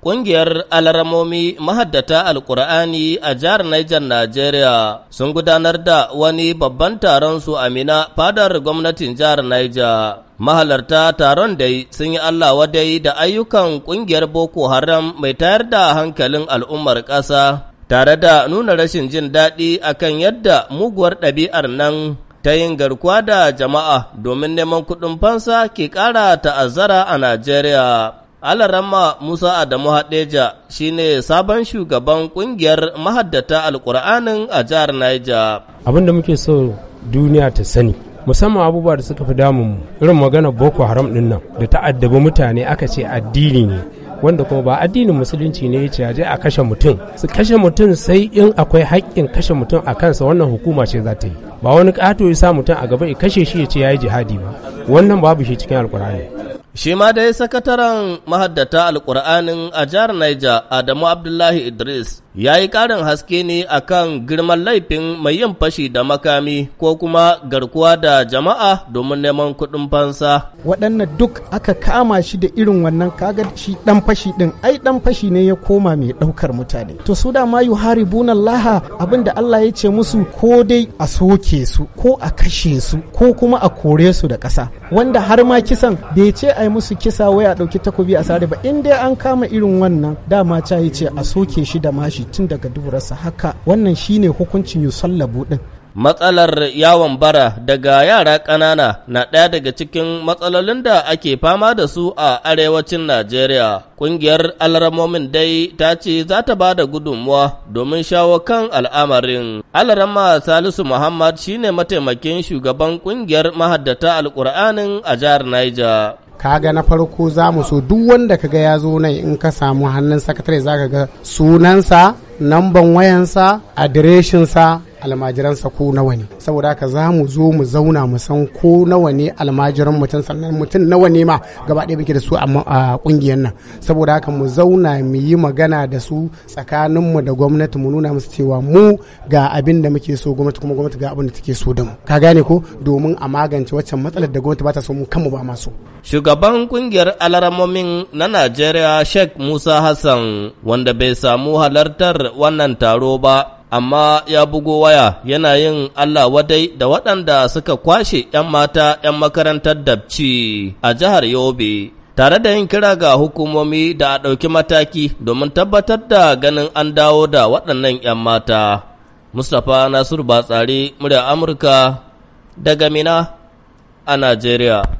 Ƙungiyar alaramomi mahaddata Alƙur'ani a jihar Niger Najeriya sun gudanar da wani babban taron su Amina fadar gwamnatin jihar Niger. Mahalarta taron dai sun yi Allah wadai da ayyukan ƙungiyar Boko Haram mai tayar da hankalin al'ummar ƙasa tare da nuna rashin jin daɗi akan yadda muguwar ɗabi'ar nan ta yin garkuwa da jama'a domin neman kuɗin fansa ke ƙara ta'azzara a Najeriya. Alarama Musa Adamu Hadeja shi ne sabon shugaban ƙungiyar mahaddata alkur'anin a jihar Naija. Abin da muke so duniya ta sani musamman abubuwa da suka fi damun irin magana Boko Haram din nan da ta'addabi mutane aka ce addini ne wanda kuma ba addinin musulunci ne ce je a kashe mutum su kashe mutum sai in akwai haƙƙin kashe mutum a kansa wannan hukuma ce za ta yi ba wani ƙato ya sa mutum a gaba ya kashe shi ya ce ya yi jihadi ba wannan babu shi cikin alkur'ani Shi ma dai sakataren mahaddata alƙur'anin a jihar Niger Adamu Abdullahi Idris ya yi ƙarin haske ne a kan girman laifin mai yin fashi da makami ko kuma garkuwa da jama'a domin neman kuɗin fansa. waɗannan duk aka kama shi da irin wannan kaga shi ɗan fashi ɗin ai ɗan fashi ne ya koma mai ɗaukar mutane to su da mayu hari haribun laha abin da Allah ya ce musu ko dai a soke su ko a kashe su ko kuma a kore su da ƙasa wanda har ma kisan bai ce ai musu kisa wai a ɗauki takobi a sare ba in dai an kama irin wannan dama ce a soke shi da mashi shi tun daga duburarsa haka wannan shine hukuncin yusallabu din Matsalar yawon bara daga yara ƙanana na ɗaya daga cikin matsalolin da ake fama da su a arewacin Najeriya. Ƙungiyar alramomin dai ta ce za ta ba da gudunmuwa domin shawo kan al'amarin. Alarama Salisu Muhammad shine mataimakin shugaban ƙungiyar mahaddata Alƙur'anin a jihar Niger. kaga na farko za mu so duk wanda kaga ya zo nan in ka samu hannun sakatare za ka ga sunansa namban wayansa adireshinsa almajiransa ko nawa ne saboda haka za mu zo mu zauna mu san ko nawa ne almajiran mutum sannan mutum nawa ne ma gaba ɗaya muke da su a kungiyar nan saboda haka mu zauna mu yi magana da su mu da gwamnati mu nuna musu cewa mu ga abin da muke so gwamnati kuma gwamnati ga abin da take so da mu ka gane ko domin a magance waccan matsalar da gwamnati ba ta so mu kanmu ba masu shugaban kungiyar alaramomin na Najeriya Sheikh Musa Hassan wanda bai samu halartar wannan taro ba amma ya bugo waya yana yin Allah wadai da waɗanda suka kwashe ‘yan mata ‘yan makarantar dabci a jihar Yobe, tare da yin kira ga hukumomi da a ɗauki mataki domin tabbatar da ganin an dawo da waɗannan ‘yan mata. Mustapha Nasiru Batsari, murya Amurka, daga Mina a Najeriya.